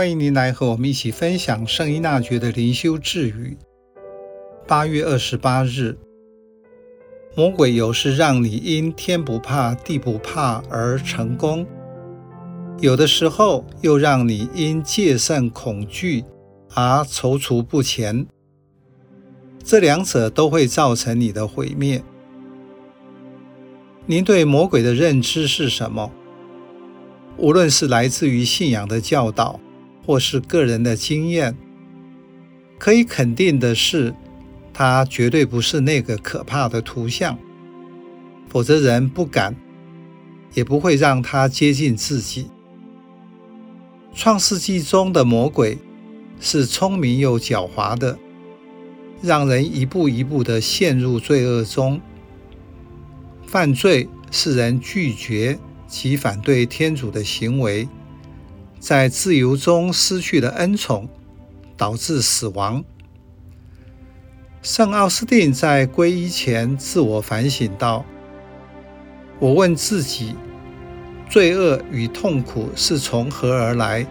歡迎您來和我們一起分享聖依納爵的靈修智語。八月二十八日，魔鬼有時讓你因天不怕地不怕而成功，有的時候又讓你因戒慎恐懼而躊躇不前。這兩者都會造成你的毀滅。您對魔鬼的認知是什麼？無論是來自於信仰的教導。或是個人的經驗，可以肯定的是，他絕對不是那個可怕的圖像，否則人不敢，也不會讓他接近自己。創世紀中的魔鬼是聰明又狡猾的，讓人一步一步的陷入罪惡中。犯罪是人拒絕及反對天主的行為。在自由中失去了恩寵，導致死亡。聖奧斯定在皈依前自我反省道：“我問自己，罪惡與痛苦是從何而來？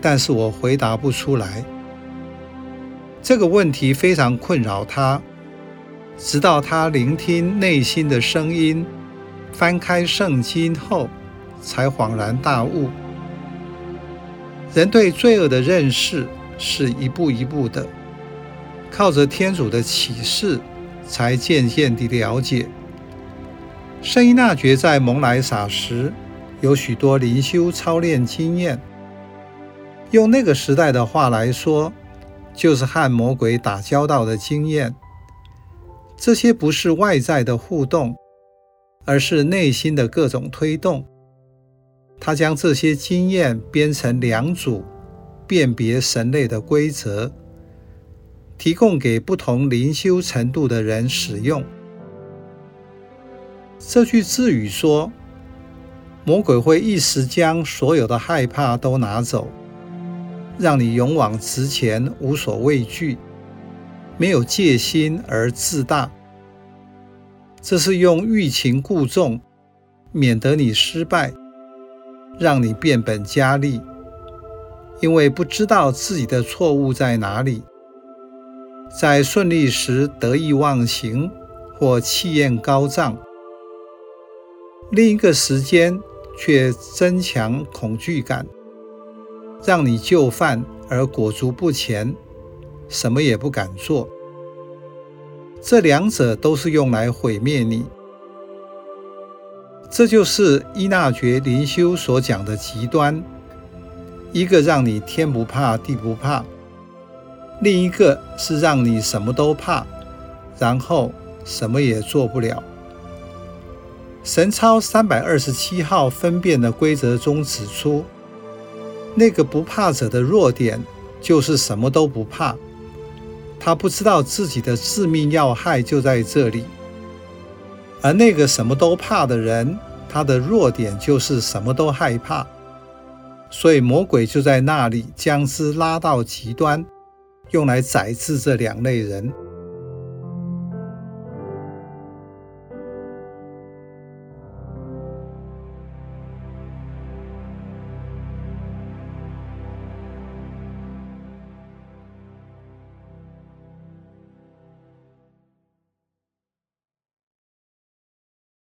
但是我回答不出來。這個問題非常困擾他，直到他聆聽內心的聲音，翻開聖經後，才恍然大悟。”人對罪惡的認識是一步一步的，靠着天主的啟示，才漸漸地了解。聖依納爵在蒙萊撒時，有許多靈修操練經驗，用那個時代的話來說，就是和魔鬼打交道的經驗。這些不是外在的互動，而是內心的各種推動。他將這些經驗編成兩組辨別神類的規則，提供給不同靈修程度的人使用。這句智語說：“魔鬼會一時將所有的害怕都拿走，讓你勇往直前，無所畏懼，沒有戒心而自大。這是用欲擒故縱，免得你失敗。”讓你變本加厲，因為不知道自己的錯誤在哪裡，在順利時得意忘形或氣焰高漲；另一個時間卻增強恐懼感，讓你就範而裹足不前，什麼也不敢做。這兩者都是用來毀滅你。這就是依納爵靈修所講的極端，一個讓你天不怕地不怕，另一個是讓你什麼都怕，然後什麼也做不了。神操三百二十七號分辨的規則中指出，那個不怕者的弱點就是什麼都不怕，他不知道自己的致命要害就在這裡。而那個什麼都怕的人，他的弱點就是什麼都害怕，所以魔鬼就在那裡將之拉到極端，用來宰制這兩類人。